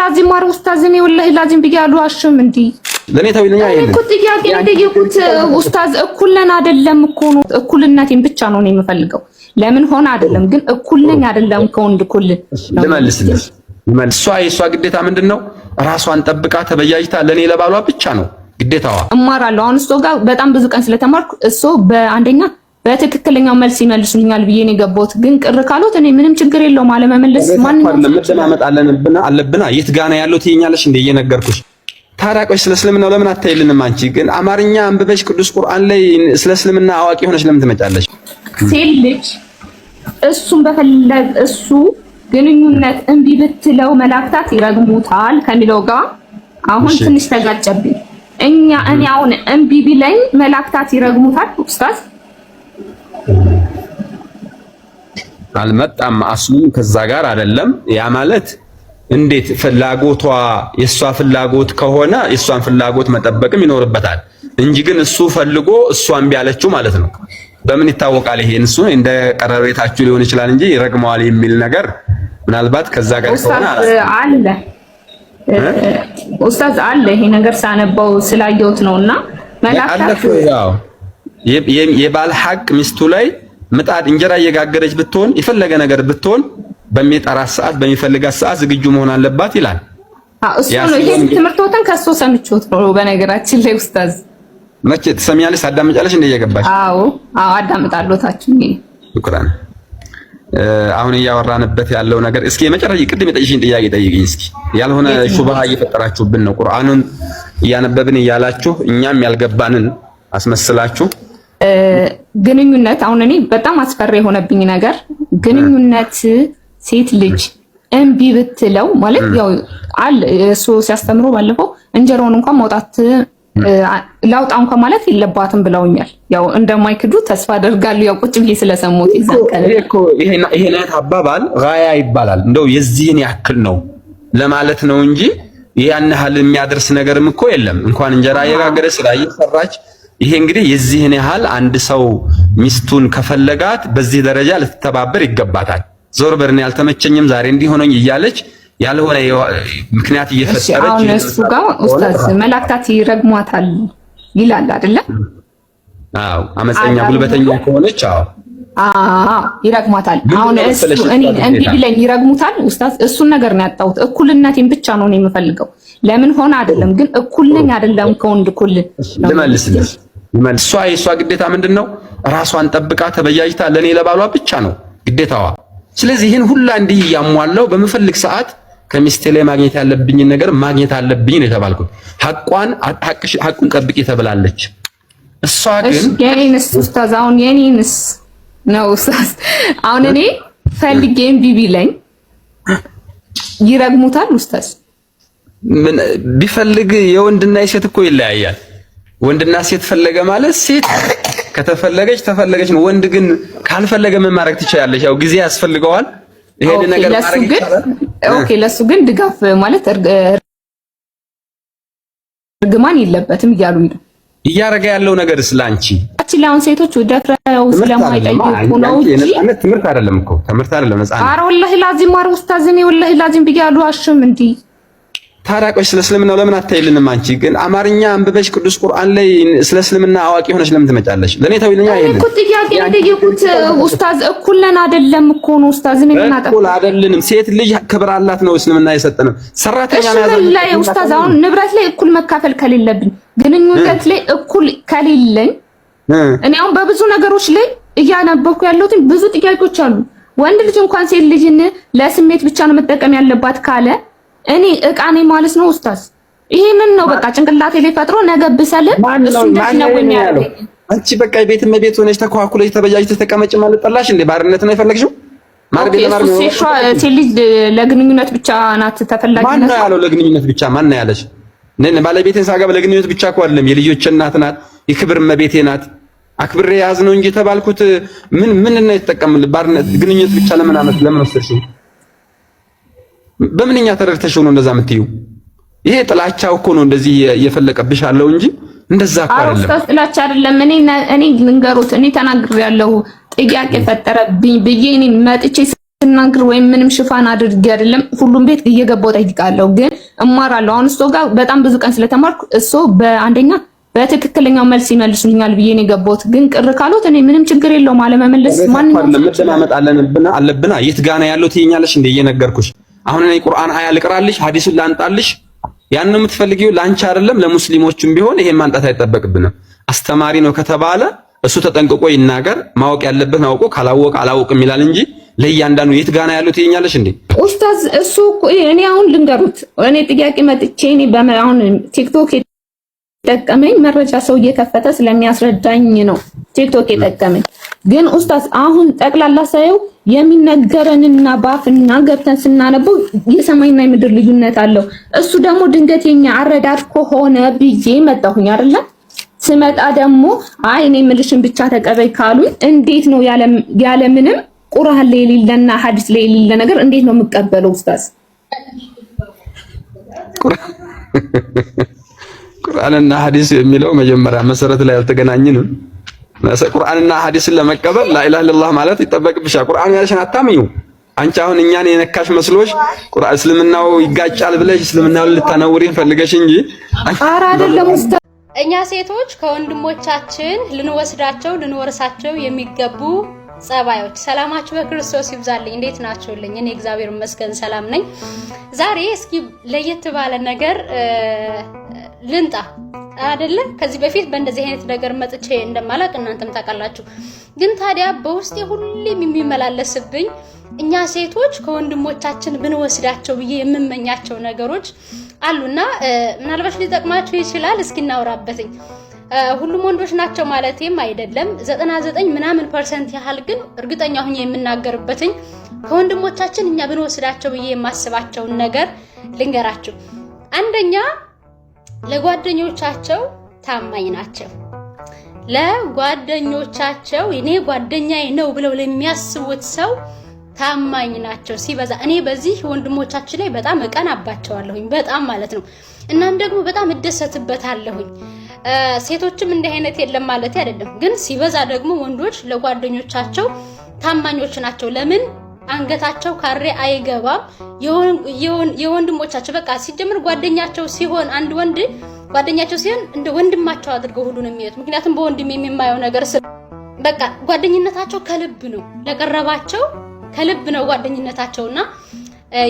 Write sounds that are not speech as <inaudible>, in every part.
ላዚም ማር ኡስታዝም ይወላሂ ላዚም ብዬ አልዋሽም። እንዲ ለኔ ተውልኛ አይደለም እኮ ጥያቄ የጠየኩት ኡስታዝ እኩል አይደለም እኮ ነው። እኩልነቴን ብቻ ነው የምፈልገው። ለምን ሆነ አይደለም ግን እኩል አይደለም ከወንድ እኩል ልመልስልህ። እሷ የእሷ ግዴታ ምንድን ነው? ራሷን ጠብቃ ተበያይታ ለኔ ለባሏ ብቻ ነው ግዴታዋ። እማራለሁ አሁን እሱ ጋር በጣም ብዙ ቀን ስለተማርኩ እሱ በአንደኛ በትክክለኛው መልስ ይመልሱኛል ብዬ ነው የገባሁት። ግን ቅር ካሉት እኔ ምንም ችግር የለውም አለመመለስ። ማንኛውም አለንብና አለብና የት ጋና ያለው ትይኛለሽ እንደ እየነገርኩሽ ታዲያ ስለ እስልምናው ለምን አታይልንም? አንቺ ግን አማርኛ አንብበሽ ቅዱስ ቁርአን ላይ ስለ እስልምና አዋቂ ሆነሽ ለምን ትመጫለሽ? ሴት ልጅ እሱን በፈለግ እሱ ግንኙነት እምቢ ብትለው መላእክታት ይረግሙታል ከሚለው ጋር አሁን ትንሽ ተጋጨብኝ። እኛ እኔ አሁን እምቢ ቢለኝ መላእክታት ይረግሙታል ኡስታዝ አልመጣም አስሉም ከዛ ጋር አይደለም። ያ ማለት እንዴት ፍላጎቷ የእሷ ፍላጎት ከሆነ የእሷን ፍላጎት መጠበቅም ይኖርበታል እንጂ ግን እሱ ፈልጎ እሷን እምቢ ማለት ነው። በምን ይታወቃል? ይሄን እሱ እንደ ቀረቤታችሁ ሊሆን ይችላል እንጂ ይረግመዋል የሚል ነገር ምናልባት ከዛ ጋር ከሆነ አለ ኡስታዝ አለ። ይሄ ነገር ሳነባው ስላየሁት ነውና መላእክት የባል ሐቅ ሚስቱ ላይ ምጣድ እንጀራ እየጋገረች ብትሆን የፈለገ ነገር ብትሆን በሚጠራት ሰዓት በሚፈልጋት ሰዓት ዝግጁ መሆን አለባት ይላል። እሱ ነው ይሄ ትምህርቶትን ከሱ ሰምቼዎት ነው። በነገራችን ላይ ኡስታዝ መቼ ትሰሚያለሽ ታዳምጫለሽ እንደ እየገባሽ? አዎ አዎ አዳምጣለሁ። ሹክራን። አሁን እያወራንበት ያለው ነገር እስኪ የመጨረሻ ቅድም የጠየቅሽኝ ጥያቄ ጠይቅኝ እስኪ። ያልሆነ ሹብሃ እየፈጠራችሁብን ነው። ቁርአኑን እያነበብን እያላችሁ እኛም ያልገባንን አስመስላችሁ ግንኙነት አሁን እኔ በጣም አስፈሪ የሆነብኝ ነገር ግንኙነት ሴት ልጅ እምቢ ብትለው ማለት ያው አለ እሱ ሲያስተምሮ ባለፈው እንጀራውን እንኳን ማውጣት ላውጣ እንኳን ማለት የለባትም ብለውኛል። ያው እንደማይክዱ ተስፋ አደርጋለሁ። ያው ቁጭ ብዬ ስለሰሙት ይሄን አይነት አባባል ራያ ይባላል። እንደው የዚህን ያክል ነው ለማለት ነው እንጂ ያን ያህል የሚያደርስ ነገርም እኮ የለም። እንኳን እንጀራ እየጋገረች ስራ እየሰራች ይሄ እንግዲህ የዚህን ያህል አንድ ሰው ሚስቱን ከፈለጋት በዚህ ደረጃ ልትተባበር ይገባታል። ዞር በርን ያልተመቸኝም ዛሬ እንዲህ እንዲሆነኝ እያለች ያልሆነ ምክንያት እየፈጠረች አሁን እሱ ጋር ኡስታዝ መላእክታት ይረግሟታል ይላል አይደለ? አዎ አመፀኛ ጉልበተኛ ከሆነች አዎ አዎ ይረግሟታል። አሁን እሱ እኔ እንዲህ ብለኝ ይረግሙታል ኡስታዝ። እሱን ነገር ነው ያጣሁት። እኩልነቴን ብቻ ነው የምፈልገው። ለምን ሆነ አይደለም ግን እኩል ነኝ አይደለም ከወንድ እኩል ልመልስልህ እሷ የእሷ ግዴታ ምንድን ነው? ራሷን ጠብቃ ተበያጅታ ለእኔ ለባሏ ብቻ ነው ግዴታዋ። ስለዚህ ይህን ሁላ እንዲህ እያሟላው በምፈልግ ሰዓት ከሚስቴ ላይ ማግኘት ያለብኝን ነገር ማግኘት አለብኝ ነው የተባልኩት። ሐቋን ሐቁን ጠብቂ ተብላለች። እሷ ግን የኔንስ ኡስታዝ አሁን የኔንስ ነው ኡስታዝ አሁን እኔ ፈልጌ እምቢ ቢለኝ ይረግሙታል ኡስታዝ ምን ቢፈልግ የወንድና የሴት እኮ ይለያያል። ወንድና ሴት ፈለገ ማለት ሴት ከተፈለገች ተፈለገች ነው። ወንድ ግን ካልፈለገ ምን ማድረግ ትችላለች? ያው ጊዜ ያስፈልገዋል። ይሄን ነገር ማድረግ ይችላል። ኦኬ፣ ለሱ ግን ድጋፍ ማለት እርግማን የለበትም እያሉ ነው። እያረገ ያለው ነገር ስላንቺ አቺ አሁን ሴቶች ደፍረው ስለማይጠይቁ ነው እንጂ ትምህርት አይደለም እኮ ትምህርት አይደለም። ነፃ አረ ኧረ ወላሂ ላዚም፣ ኧረ ኡስታዝኔ ወላሂ ላዚም ብያሉ አሽም እንዲህ ታራቆች ስለ እስልምናው ለምን አታይልንም? አንቺ ግን አማርኛ አንብበሽ ቅዱስ ቁርአን ላይ ስለ እስልምና አዋቂ ሆነሽ ለምን ትመጫለሽ? ለኔ ተውልኛ። አይሄን እኮ ጥያቄ እንደየቁት ኡስታዝ፣ እኩል አይደለም እኮ ነው ኡስታዝ። እኔ ምን አጠፋ? እኩል አይደለም። ሴት ልጅ ክብር አላት ነው እስልምና የሰጠነው። ሰራተኛ ላይ ኡስታዝ፣ አሁን ንብረት ላይ እኩል መካፈል ከሌለብኝ፣ ግንኙነት ላይ እኩል ከሌለኝ፣ እኔ አሁን በብዙ ነገሮች ላይ እያነበብኩ ያለሁት ብዙ ጥያቄዎች አሉ። ወንድ ልጅ እንኳን ሴት ልጅን ለስሜት ብቻ ነው መጠቀም ያለባት ካለ እኔ እቃ ነኝ ማለት ነው ኡስታዝ። ይሄንን ነው በቃ ጭንቅላቴ ላይ ፈጥሮ ነገ ብሰልም እሱ እንደዚህ ነው የሚያደርገኝ። አንቺ በቃ የቤት እመቤት ሆነሽ ተኳኩለሽ ተበጃጅተሽ ተቀመጭ ማለት ጠላሽ እንዴ? ባርነት ነው የፈለግሽው? ሴት ልጅ ለግንኙነት ብቻ ናት ተፈላጊ። ማን ነው ያለው ለግንኙነት ብቻ? ማን ነው ያለሽ? ነን ባለቤቴን ሳገባ ለግንኙነት ብቻ እኮ አይደለም። የልጆች እናት ናት፣ የክብር እመቤቴ ናት። አክብሬ ያዝ ነው እንጂ የተባልኩት ምን ምን ነው የተጠቀምል? ባርነት ግንኙነት ብቻ ለምን አመት ለምን ወሰድሽው? በምንኛ ተረድተሽ ሆኖ እንደዛ የምትይው? ይሄ ጥላቻው እኮ ነው እንደዚህ የፈለቀብሽ አለው እንጂ እንደዛ እኮ አይደለም። አሮስ ጥላቻ አይደለም። እኔ እኔ ልንገሩት፣ እኔ ተናግሬ ተናግሬያለሁ። ጥያቄ ፈጠረብኝ ብዬ እኔ መጥቼ ስናገር ወይም ምንም ሽፋን አድርጌ አይደለም። ሁሉም ቤት እየገባው ጠይቃለሁ፣ ግን እማራለሁ። አሁን እሱ ጋር በጣም ብዙ ቀን ስለተማርኩ እሱ በአንደኛ በትክክለኛው መልስ ይመልሱልኛል ብዬ ነው የገባሁት። ግን ቅር ካሉት እኔ ምንም ችግር የለውም አለመመለስ። ማንኛውም ለምን አለብና የት ጋና ያለው ትይኛለሽ እንደ እየነገርኩሽ አሁን እኔ ቁርአን አያ ልቅራልሽ፣ ሐዲስን ላንጣልሽ። ያን የምትፈልጊው ላንቺ አይደለም ለሙስሊሞችም ቢሆን ይሄን ማንጣት አይጠበቅብንም። አስተማሪ ነው ከተባለ እሱ ተጠንቅቆ ይናገር። ማወቅ ያለበት አውቆ ካላወቀ አላውቅም ይላል እንጂ ለእያንዳንዱ የት ጋና ያሉት ይኛለሽ እንዴ ኡስታዝ። እሱ እኔ አሁን ልንገሩት እኔ ጥያቄ መጥቼ እኔ በአሁን ቲክቶክ ጠቀመኝ መረጃ ሰው እየከፈተ ስለሚያስረዳኝ ነው ቲክቶክ የጠቀመኝ። ግን ኡስታዝ አሁን ጠቅላላ ሳየው የሚነገረንና በአፍና ገብተን ስናነበው የሰማይና የምድር ልዩነት አለው። እሱ ደግሞ ድንገተኛ አረዳድ ከሆነ ብዬ መጣሁኝ አይደለም። ስመጣ ደግሞ አይ እኔ ብቻ ተቀበይ ካሉኝ እንዴት ነው ያለ ምንም ቁርአን ላይ የሌለና ሐዲስ ላይ የሌለ ነገር እንዴት ነው የምቀበለው ኡስታዝ? <laughs> ቁርአንና ሐዲስ የሚለው መጀመሪያ መሰረት ላይ አልተገናኝንም። ቁርአንና ሐዲስን ለመቀበል ላኢላህ ኢላላህ ማለት ይጠበቅብሻል። ቁርአን ያለሽን አታምኚው። አንቺ አሁን እኛን የነካሽ መስሎሽ ቁርአን እስልምናው ይጋጫል ብለሽ እስልምናውን ልታነውሪን ፈልገሽ እንጂ ኧረ አይደለም። እኛ ሴቶች ከወንድሞቻችን ልንወስዳቸው ልንወርሳቸው የሚገቡ ጸባዮች ሰላማችሁ በክርስቶስ ይብዛልኝ። እንዴት ናችሁልኝ? እኔ እግዚአብሔር ይመስገን ሰላም ነኝ። ዛሬ እስኪ ለየት ባለ ነገር ልንጣ አይደለም። ከዚህ በፊት በእንደዚህ አይነት ነገር መጥቼ እንደማላቅ እናንተም ታውቃላችሁ። ግን ታዲያ በውስጤ ሁሌም የሚመላለስብኝ እኛ ሴቶች ከወንድሞቻችን ብንወስዳቸው ብዬ የምመኛቸው ነገሮች አሉና ምናልባት ሊጠቅማችሁ ይችላል። እስኪ እናውራበትኝ ሁሉም ወንዶች ናቸው ማለቴም አይደለም። 99 ምናምን ፐርሰንት ያህል ግን እርግጠኛ ሁኜ የምናገርበትኝ ከወንድሞቻችን እኛ ብንወስዳቸው ብዬ የማስባቸውን ነገር ልንገራችሁ። አንደኛ ለጓደኞቻቸው ታማኝ ናቸው። ለጓደኞቻቸው እኔ ጓደኛዬ ነው ብለው ለሚያስቡት ሰው ታማኝ ናቸው ሲበዛ። እኔ በዚህ ወንድሞቻችን ላይ በጣም እቀናባቸዋለሁኝ፣ በጣም ማለት ነው። እናም ደግሞ በጣም እደሰትበታለሁኝ። ሴቶችም እንዲህ አይነት የለም ማለት አይደለም፣ ግን ሲበዛ ደግሞ ወንዶች ለጓደኞቻቸው ታማኞች ናቸው። ለምን አንገታቸው ካሬ አይገባም። የወንድሞቻቸው በቃ ሲጀምር ጓደኛቸው ሲሆን አንድ ወንድ ጓደኛቸው ሲሆን እንደ ወንድማቸው አድርገው ሁሉ ነው የሚያዩት። ምክንያቱም በወንድም የሚማየው ነገር በቃ ጓደኝነታቸው ከልብ ነው፣ ለቀረባቸው ከልብ ነው ጓደኝነታቸውና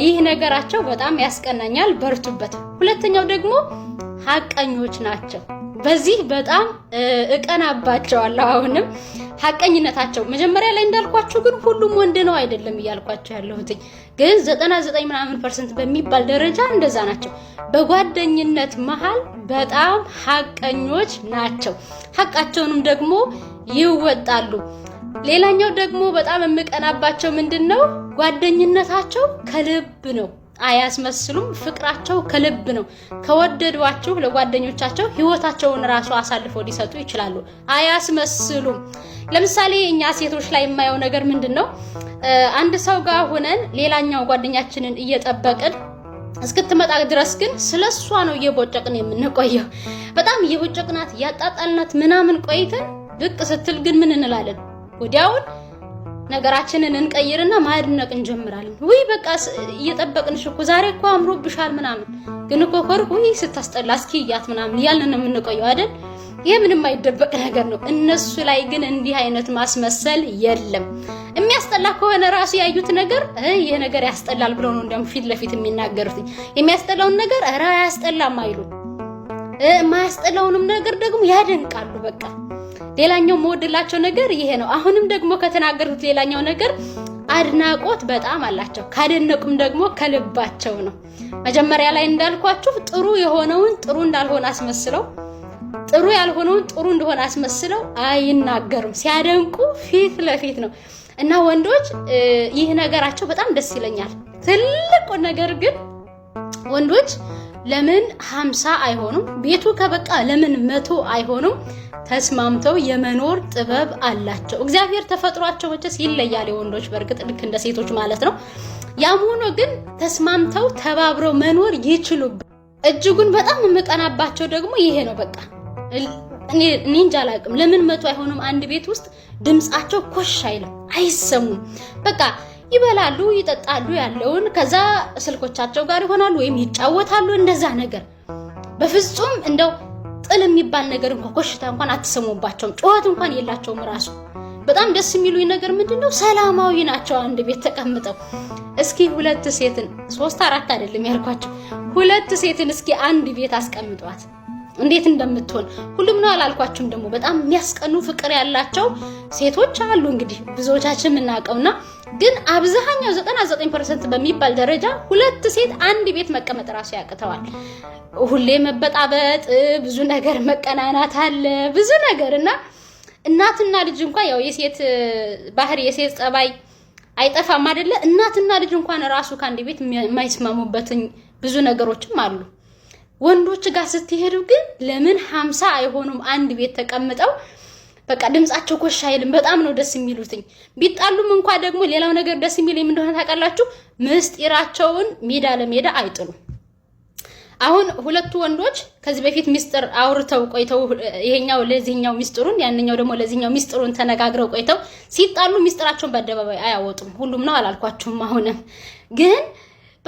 ይህ ነገራቸው በጣም ያስቀናኛል። በርቱበት። ሁለተኛው ደግሞ ሀቀኞች ናቸው። በዚህ በጣም እቀናባቸዋለሁ። አሁንም ሀቀኝነታቸው መጀመሪያ ላይ እንዳልኳቸው ግን ሁሉም ወንድ ነው አይደለም እያልኳቸው ያለሁትኝ ግን 99 ምናምን ፐርሰንት በሚባል ደረጃ እንደዛ ናቸው። በጓደኝነት መሀል በጣም ሀቀኞች ናቸው። ሀቃቸውንም ደግሞ ይወጣሉ። ሌላኛው ደግሞ በጣም የምቀናባቸው ምንድን ነው ጓደኝነታቸው ከልብ ነው። አያስመስሉም። ፍቅራቸው ከልብ ነው። ከወደዷቸው ለጓደኞቻቸው ህይወታቸውን ራሱ አሳልፈው ሊሰጡ ይችላሉ። አያስመስሉም። ለምሳሌ እኛ ሴቶች ላይ የማየው ነገር ምንድን ነው? አንድ ሰው ጋር ሆነን ሌላኛው ጓደኛችንን እየጠበቅን እስክትመጣ ድረስ ግን ስለ እሷ ነው እየቦጨቅን የምንቆየው። በጣም እየቦጨቅናት እያጣጣልናት ምናምን ቆይተን ብቅ ስትል ግን ምን እንላለን ወዲያውን ነገራችንን እንቀይርና ማድነቅ እንጀምራለን። ውይ በቃ እየጠበቅንሽ እኮ ዛሬ እኮ አምሮብሻል ምናምን፣ ግን እኮ ኮርኩ ውይ ስታስጠላ እስኪ እያት ምናምን ያልን ነው የምንቆየው አይደል? ይሄ ምንም አይደበቅ ነገር ነው። እነሱ ላይ ግን እንዲህ አይነት ማስመሰል የለም። የሚያስጠላ ከሆነ ራሱ ያዩት ነገር ይሄ ነገር ያስጠላል ብለው ነው እንዲያውም ፊት ለፊት የሚናገሩት። የሚያስጠላውን ነገር ራ ያስጠላም አይሉ፣ ማያስጠላውንም ነገር ደግሞ ያደንቃሉ በቃ ሌላኛው መወድላቸው ነገር ይሄ ነው። አሁንም ደግሞ ከተናገርኩት ሌላኛው ነገር አድናቆት በጣም አላቸው። ካደነቁም ደግሞ ከልባቸው ነው። መጀመሪያ ላይ እንዳልኳችሁ ጥሩ የሆነውን ጥሩ እንዳልሆነ አስመስለው ጥሩ ያልሆነውን ጥሩ እንደሆነ አስመስለው አይናገሩም። ሲያደንቁ ፊት ለፊት ነው እና ወንዶች ይህ ነገራቸው በጣም ደስ ይለኛል። ትልቁ ነገር ግን ወንዶች ለምን ሀምሳ አይሆኑም? ቤቱ ከበቃ ለምን መቶ አይሆኑም? ተስማምተው የመኖር ጥበብ አላቸው። እግዚአብሔር ተፈጥሯቸው መቼስ ይለያል። የወንዶች በእርግጥ ልክ እንደ ሴቶች ማለት ነው። ያም ሆኖ ግን ተስማምተው ተባብረው መኖር ይችሉበት። እጅጉን በጣም የምቀናባቸው ደግሞ ይሄ ነው። በቃ እኔ እንጃ አላውቅም፣ ለምን መቶ አይሆኑም አንድ ቤት ውስጥ ድምፃቸው ኮሽ አይልም፣ አይሰሙም። በቃ ይበላሉ፣ ይጠጣሉ ያለውን ከዛ ስልኮቻቸው ጋር ይሆናሉ ወይም ይጫወታሉ። እንደዛ ነገር በፍጹም እንደው ጥል የሚባል ነገር እንኳን ኮሽታ እንኳን አትሰሙባቸውም። ጩኸት እንኳን የላቸውም። ራሱ በጣም ደስ የሚሉኝ ነገር ምንድነው ሰላማዊ ናቸው። አንድ ቤት ተቀምጠው እስኪ ሁለት ሴትን ሶስት አራት አይደለም ያልኳቸው ሁለት ሴትን እስኪ አንድ ቤት አስቀምጧት እንዴት እንደምትሆን ሁሉም ነው አላልኳችሁም። ደግሞ በጣም የሚያስቀኑ ፍቅር ያላቸው ሴቶች አሉ። እንግዲህ ብዙዎቻችን የምናውቀውና ግን አብዛኛው 99 በሚባል ደረጃ ሁለት ሴት አንድ ቤት መቀመጥ ራሱ ያቅተዋል። ሁሌ መበጣበጥ፣ ብዙ ነገር መቀናናት አለ ብዙ ነገር እና እናትና ልጅ እንኳን ያው የሴት ባህሪ የሴት ጸባይ አይጠፋም አይደለ? እናትና ልጅ እንኳን ራሱ ከአንድ ቤት የማይስማሙበትኝ ብዙ ነገሮችም አሉ። ወንዶች ጋር ስትሄዱ ግን ለምን ሀምሳ አይሆኑም አንድ ቤት ተቀምጠው በቃ ድምጻቸው ኮሽ አይልም። በጣም ነው ደስ የሚሉትኝ። ቢጣሉም እንኳ ደግሞ ሌላው ነገር ደስ የሚል እንደሆነ ታውቃላችሁ፣ ምስጢራቸውን ሜዳ ለሜዳ አይጥሉም። አሁን ሁለቱ ወንዶች ከዚህ በፊት ሚስጥር አውርተው ቆይተው ይሄኛው ለዚህኛው ሚስጥሩን ያንኛው ደግሞ ለዚህኛው ሚስጥሩን ተነጋግረው ቆይተው ሲጣሉ ሚስጥራቸውን በአደባባይ አያወጡም። ሁሉም ነው አላልኳችሁም? አሁንም ግን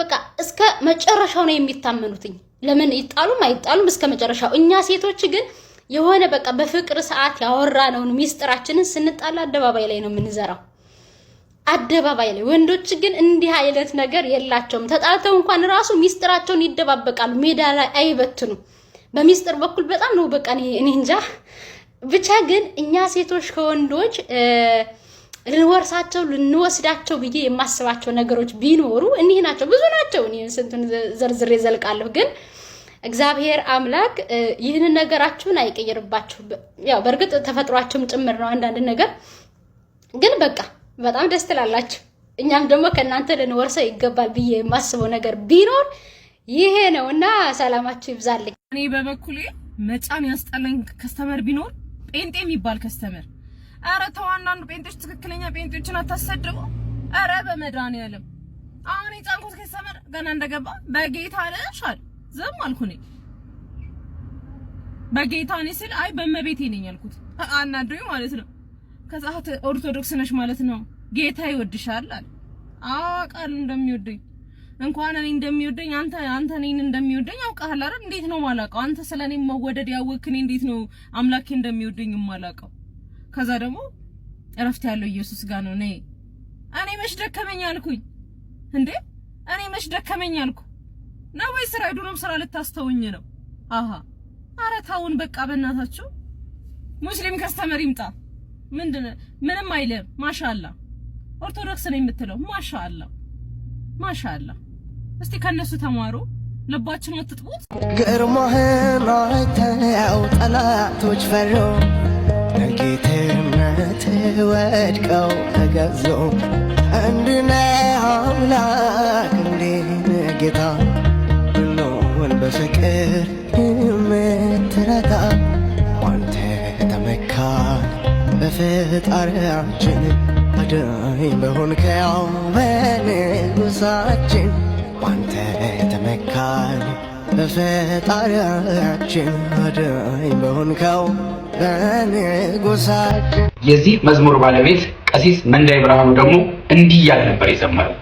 በቃ እስከ መጨረሻው ነው የሚታመኑትኝ ለምን ይጣሉም አይጣሉም እስከ መጨረሻው። እኛ ሴቶች ግን የሆነ በቃ በፍቅር ሰዓት ያወራነውን ሚስጥራችንን ስንጣላ አደባባይ ላይ ነው የምንዘራው፣ አደባባይ ላይ። ወንዶች ግን እንዲህ አይነት ነገር የላቸውም። ተጣልተው እንኳን ራሱ ሚስጥራቸውን ይደባበቃሉ፣ ሜዳ ላይ አይበትኑም። በሚስጥር በኩል በጣም ነው በቃ እኔ እንጃ ብቻ ግን እኛ ሴቶች ከወንዶች ልወርሳቸው ልንወስዳቸው ብዬ የማስባቸው ነገሮች ቢኖሩ እኒህ ናቸው። ብዙ ናቸው። እኔ ስንቱን ዘርዝሬ ዘልቃለሁ። ግን እግዚአብሔር አምላክ ይህንን ነገራችሁን አይቀይርባችሁ። ያው በእርግጥ ተፈጥሯችሁም ጭምር ነው አንዳንድ ነገር ግን በቃ በጣም ደስ ትላላችሁ። እኛም ደግሞ ከእናንተ ልንወርሰው ይገባል ብዬ የማስበው ነገር ቢኖር ይሄ ነው እና ሰላማችሁ ይብዛልኝ። እኔ በበኩሌ መጫን ያስጠለኝ ከስተመር ቢኖር ጴንጤ የሚባል ከስተመር አረ ተው፣ አንዳንዱ ጴንጤዎች ትክክለኛ ጴንጤዎችን አታሰድቡ። ኧረ በመድኃኒዓለም አሁን የጫንኩት ከሰመር ገና እንደገባ በጌታ ለሻል ዝም አልኩ። እኔ በጌታ እኔ ስል አይ በእመቤቴ ነኝ አልኩት። አናዶኝ ማለት ነው። ከዛት ኦርቶዶክስ ነሽ ማለት ነው ጌታ ይወድሻል አለ። አውቃለሁ እንደሚወደኝ እንኳን እኔ እንደሚወደኝ አንተ አንተ እኔን እንደሚወደኝ አውቃለሁ አይደል? እንዴት ነው የማላውቀው? አንተ ስለኔ መወደድ ያወክ እኔ እንዴት ነው አምላኬ እንደሚወደኝ የማላውቀው? ከዛ ደግሞ እረፍት ያለው ኢየሱስ ጋር ነው። ነይ እኔ መች ደከመኝ አልኩኝ እንዴ? እኔ መች ደከመኝ አልኩ ና ወይ ስራ የዱሮም ስራ ልታስተውኝ ነው? አሃ ኧረ በቃ በእናታችሁ። ሙስሊም ከስተመር ይምጣ። ምንድን ምንም አይልም። ማሻአላ ኦርቶዶክስ ነው የምትለው። ማሻአላ ማሻአላ። እስቲ ከነሱ ተማሩ። ልባችን አትጥቁት። ግርማህን አይተው ጠላቶች ፈሩ። ለጌትነት ወድቀው ተገዞ እንድነ አምላክ እንዴነ ጌታ ሁሉን በፍቅር የምትረዳ ዋንተ ተመካን በፍጣሪያችን አዳኝ በሆንከው በንጉሳችን ዋንተ ተመካን በፈጣሪያችን አዳኝ በሆንከው የዚህ መዝሙር ባለቤት ቀሲስ መንዳይ ብርሃኑ ደግሞ እንዲህ እያለ ነበር የዘመረው።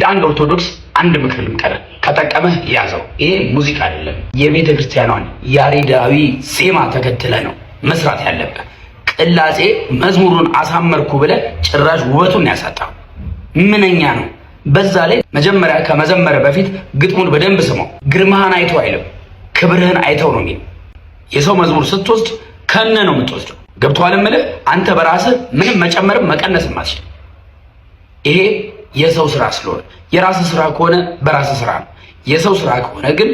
የአንድ ኦርቶዶክስ አንድ ምክር ቀረ ከጠቀመህ ያዘው። ይሄ ሙዚቃ አይደለም። የቤተ ክርስቲያኗን ያሬዳዊ ዜማ ተከትለ ነው መስራት ያለብህ። ቅላጼ መዝሙሩን አሳመርኩ ብለህ ጭራሽ ውበቱን ያሳጣው ምንኛ ነው። በዛ ላይ መጀመሪያ ከመዘመረ በፊት ግጥሙን በደንብ ስማው። ግርማህን አይተው አይልም ክብርህን አይተው ነው የሚል። የሰው መዝሙር ስትወስድ ከነ ነው የምትወስደው። ገብቶሃል እምልህ አንተ በራስህ ምንም መጨመርም መቀነስም አትችልም። ይሄ የሰው ስራ ስለሆነ የራስ ስራ ከሆነ በራስ ስራ ነው። የሰው ስራ ከሆነ ግን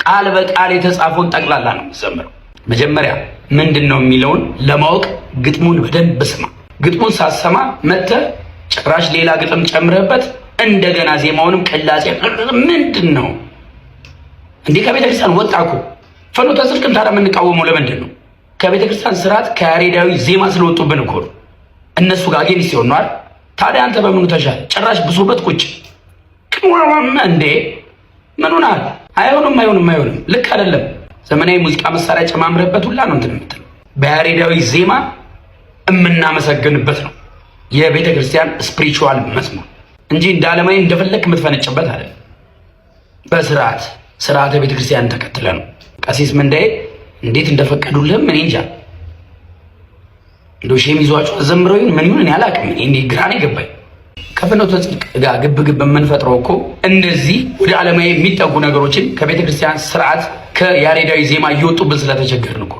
ቃል በቃል የተጻፈውን ጠቅላላ ነው የምትዘምረው። መጀመሪያ ምንድን ነው የሚለውን ለማወቅ ግጥሙን በደንብ ስማ። ግጥሙን ሳሰማ መጥተህ ጭራሽ ሌላ ግጥም ጨምረህበት እንደገና ዜማውንም ቅላጼ ምንድን ነው እንዲህ? ከቤተ ክርስቲያን ወጣ እኮ ፍኖተ ጽድቅን ታዲያ የምንቃወመው ለምንድን ነው? ከቤተ ክርስቲያን ስርዓት ከያሬዳዊ ዜማ ስለወጡብን እኮ እነሱ ጋር ጌን ሲሆን ታዲያ አንተ በምኑ ተሻል? ጭራሽ ብሶበት ቁጭ ቅሟማ እንዴ! ምኑናል? አይሆንም፣ አይሆንም፣ አይሆንም። ልክ አይደለም። ዘመናዊ ሙዚቃ መሳሪያ ጨማምረበት ሁላ ነው እንትን የምትል በያሬዳዊ ዜማ የምናመሰግንበት ነው የቤተ ክርስቲያን ስፕሪቹዋል መዝሙር እንጂ እንደ አለማዊ እንደፈለክ የምትፈነጭበት አለ። በስርዓት ስርዓተ ቤተክርስቲያን ተከትለ ነው። ቀሲስ ምንዳዬ እንዴት እንደፈቀዱልህም እኔ እንጃ። እንዶ ሼም ይዟቸው ዘምረው ምን ምን አላውቅም። እኔ ግራ ነው የገባኝ። ከፍኖተ ጽድቅ ጋር ግብ ግብ የምንፈጥረው እኮ እንደዚህ ወደ አለማዊ የሚጠጉ ነገሮችን ከቤተ ክርስቲያን ስርዓት ከያሬዳዊ ዜማ እየወጡብን ስለተቸገርን እኮ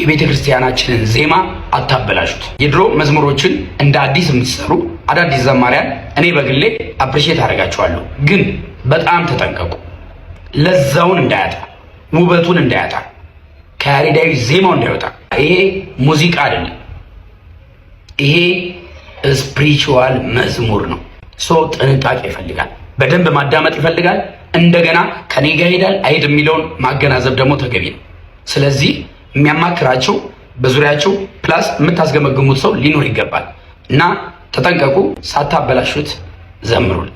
የቤተ ክርስቲያናችንን ዜማ አታበላሹት። የድሮ መዝሙሮችን እንደ አዲስ የምትሰሩ አዳዲስ ዘማሪያን እኔ በግሌ አፕሪሼት አደርጋቸዋለሁ፣ ግን በጣም ተጠንቀቁ። ለዛውን እንዳያጣ፣ ውበቱን እንዳያጣ፣ ከያሬዳዊ ዜማው እንዳይወጣ። ይሄ ሙዚቃ አይደለም፣ ይሄ ስፕሪቹዋል መዝሙር ነው። ሶ ጥንቃቄ ይፈልጋል፣ በደንብ ማዳመጥ ይፈልጋል። እንደገና ከኔ ጋር ይሄዳል አይድ የሚለውን ማገናዘብ ደግሞ ተገቢ ነው። ስለዚህ የሚያማክራቸው በዙሪያቸው ፕላስ የምታስገመግሙት ሰው ሊኖር ይገባል እና ተጠንቀቁ፣ ሳታበላሹት ዘምሩል።